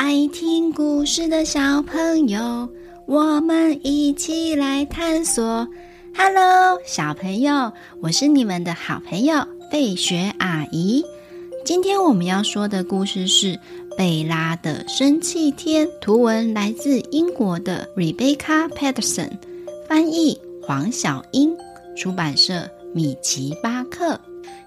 愛聽故事的小朋友，我們一起來探索。Hello，小朋友，我是你們的好朋友費雪阿姨。今天我們要說的故事是《貝拉的生氣天》，圖文來自英國的 Rebecca Patterson，翻譯黃筱茵，出版社米奇巴克。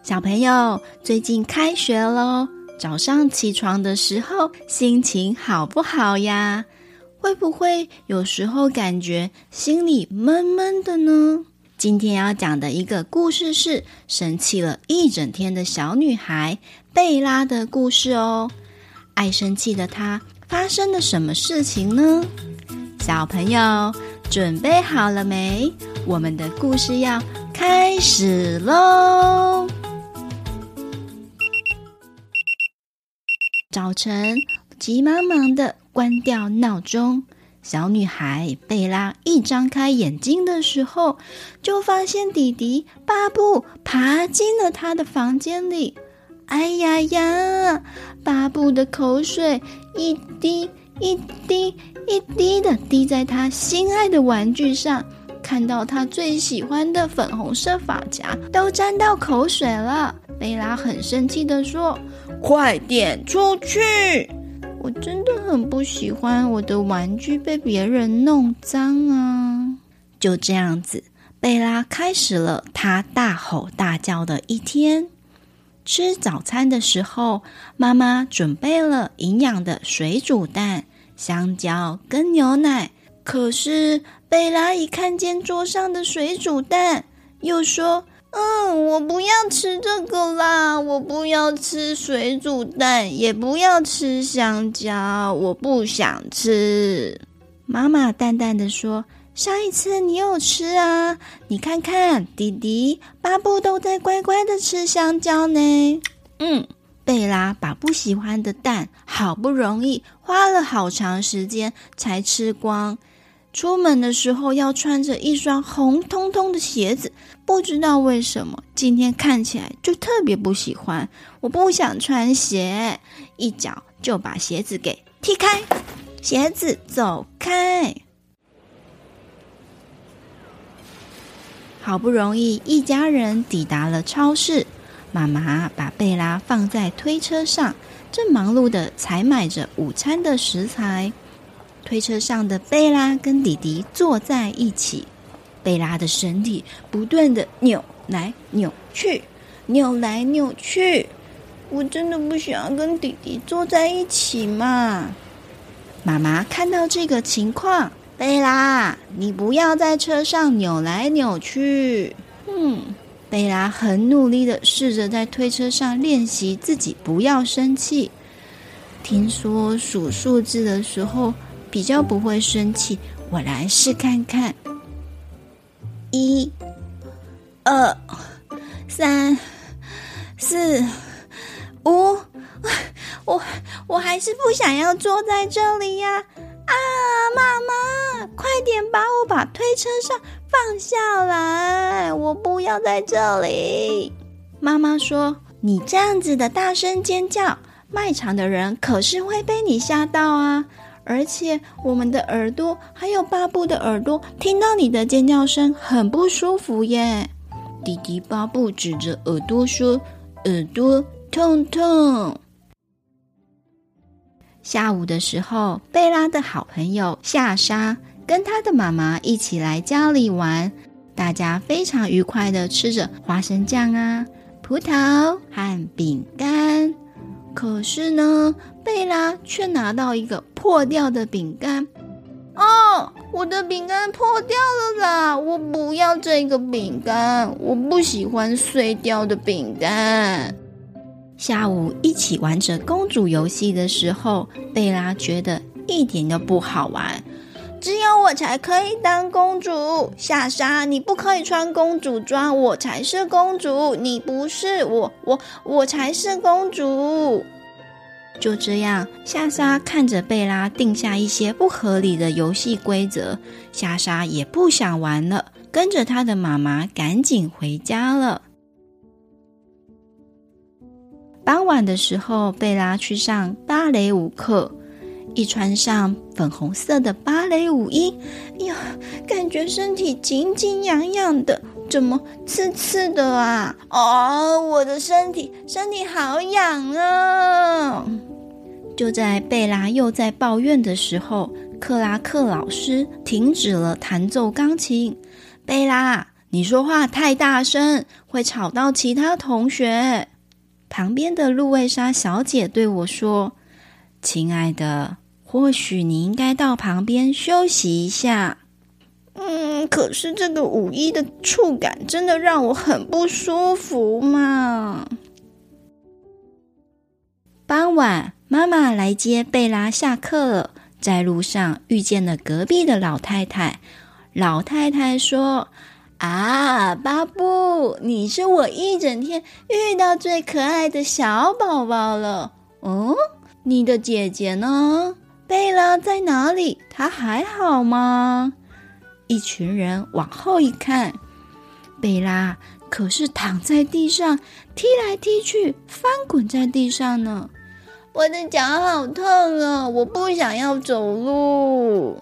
小朋友，最近開學嘍。早上起床的時候，心情好不好呀？會不會有時候感覺心裡悶悶的呢？今天要講的一個故事是生氣了一整天的小女孩貝拉的故事哦。愛生氣的她發生了什麼事情呢？小朋友準備好了沒？我們的故事要開始嘍！早晨，急忙忙的關掉鬧鐘。小女孩貝拉一張開眼睛的時候，就發現弟弟巴布爬進了她的房間裡。哎呀呀！巴布的口水一滴一滴一滴的滴，滴在她心愛的玩具上，看到她最喜歡的粉紅色髮夾都沾到口水了，貝拉很生氣的說。快點出去！我真的很不喜歡我的玩具被別人弄髒啊！就這樣子，貝拉開始了她大吼大叫的一天。吃早餐的時候，媽媽準備了營養的水煮蛋、香蕉跟牛奶。可是貝拉一看見桌上的水煮蛋，又說。嗯，我不要吃這個啦，我不要吃水煮蛋，也不要吃香蕉，我不想吃。媽媽淡淡的說：“上一次你有吃啊？你看看，弟弟、巴布都在乖乖的吃香蕉呢。”嗯，貝拉把不喜歡的蛋好不容易花了好長時間才吃光。出門的時候要穿着一雙紅彤彤的鞋子，不知道為什麼今天看起來就特別不喜歡。我不想穿鞋，一腳就把鞋子給踢開，鞋子走開。好不容易一家人抵達了超市，媽媽把貝拉放在推車上，正忙碌的採買着午餐的食材。推車上的貝拉跟弟弟坐在一起，貝拉的身體不斷的扭來扭去，扭來扭去。我真的不想跟弟弟坐在一起嘛。媽媽看到這個情況，貝拉，你不要在車上扭來扭去。嗯，貝拉很努力的試着在推車上練習自己不要生氣。聽說數數字的時候，比較不會生氣，我來試看看。一、二、三、四、五，我我，我還是不想要坐在這裡呀！啊！啊，媽媽，快點把我把推車上放下來，我不要在這裡。媽媽說：“你這樣子的大聲尖叫，賣場的人可是會被你嚇到啊。”而且我們的耳朵，還有巴布的耳朵，聽到你的尖叫聲很不舒服耶。弟弟巴布指着耳朵說：“耳朵痛痛。”下午的時候，貝拉的好朋友夏莎跟她的媽媽一起來家裡玩，大家非常愉快地吃着花生醬啊、葡萄和餅乾。可是呢，貝拉卻拿到一個破掉的餅乾。哦，我的餅乾破掉了啦！我不要這個餅乾，我不喜歡碎掉的餅乾。下午一起玩着公主遊戲的時候，貝拉覺得一點都不好玩。只有我才可以當公主，夏莎，你不可以穿公主裝，我才是公主，你不是，我我我才是公主。就這樣，夏莎看着貝拉定下一些不合理的遊戲規則，夏莎也不想玩了，跟着她的媽媽趕緊回家了。傍晚的時候，貝拉去上芭蕾舞課。一穿上粉紅色的芭蕾舞衣，哎喲，感覺身體緊緊癢癢的，怎麼刺刺的啊？哦，我的身體，身體好癢啊、哦！就在貝拉又在抱怨的時候，克拉克老師停止了彈奏鋼琴。貝拉，你說話太大聲，會吵到其他同學。旁邊的露薇莎小姐對我說：“親愛的。”或許你應該到旁邊休息一下。嗯，可是這個五一的觸感真的讓我很不舒服嘛。傍晚，媽媽來接貝拉下課了，在路上遇見了隔壁的老太太。老太太說：“啊，巴布，你是我一整天遇到最可愛的小寶寶了。哦，你的姐姐呢？”貝拉在哪裡？她還好嗎？一群人往後一看，貝拉可是躺在地上，踢來踢去，翻滾在地上呢。我的腳好痛啊！我不想要走路。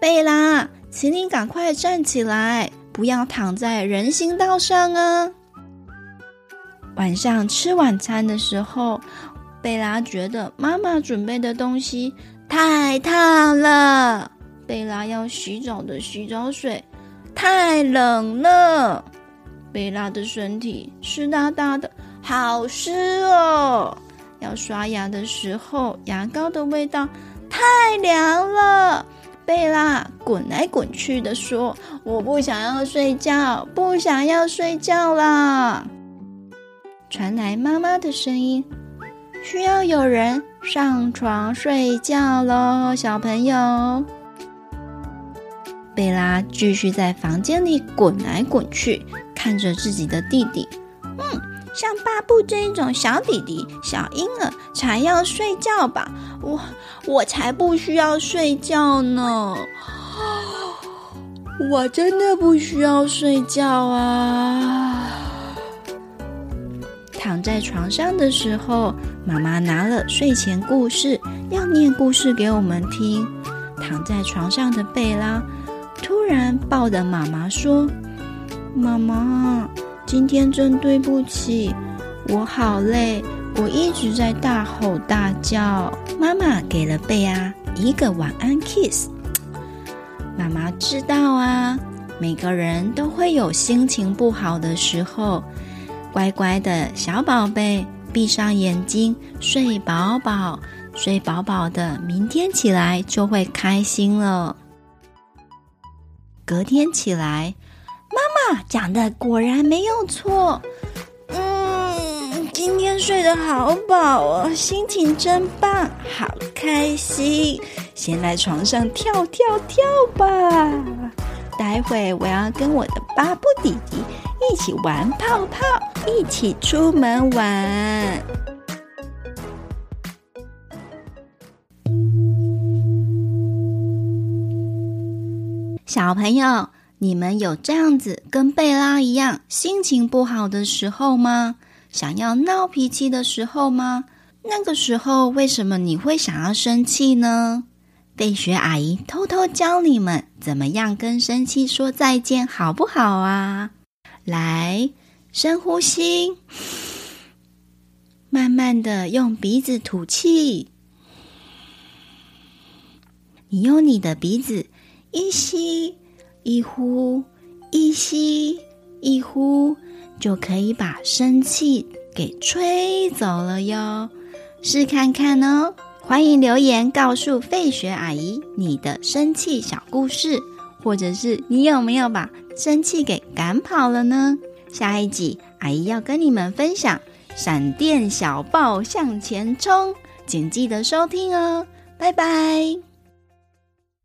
貝拉，請你趕快站起來，不要躺在人行道上啊！晚上吃晚餐的時候，貝拉覺得媽媽準備的東西，太燙了，貝拉要洗澡的洗澡水太冷了。貝拉的身體濕噠噠的，好濕哦。要刷牙的時候，牙膏的味道太涼了。貝拉滾來滾去的說：“我不想要睡覺，不想要睡覺啦。”傳來媽媽的聲音。需要有人上床睡覺嘍，小朋友。貝拉繼續在房間裡滾來滾去，看着自己的弟弟。嗯，像巴布這一種小弟弟、小嬰兒才要睡覺吧？我我才不需要睡覺呢，我真的不需要睡覺啊！躺在床上的時候，媽媽拿了睡前故事，要念故事給我們聽。躺在床上的貝拉突然抱着媽媽說：“媽媽，今天真對不起，我好累，我一直在大吼大叫。”媽媽給了貝拉一個晚安 kiss。媽媽知道啊，每個人都會有心情不好的時候。乖乖的小寶貝，閉上眼睛睡飽飽，睡飽飽的，明天起來就會開心了。隔天起來，媽媽講的果然沒有錯。嗯，今天睡得好飽哦，心情真棒，好開心，先來床上跳跳跳吧。待會我要跟我的巴布弟弟一起玩泡泡，一起出門玩。小朋友，你們有這樣子跟貝拉一樣心情不好的時候嗎？想要鬧脾氣的時候嗎？那個時候為什麼你會想要生氣呢？費雪阿姨偷偷教你們怎麼樣跟生氣說再見，好不好啊？來，深呼吸，慢慢的用鼻子吐氣。你用你的鼻子一吸一呼，一吸一呼，就可以把生氣給吹走了喲。試看看哦。歡迎留言告訴費雪阿姨你的生氣小故事，或者是你有沒有把生氣給趕跑了呢？下一集阿姨要跟你們分享《閃電小豹向前衝》，請記得收聽哦，拜拜。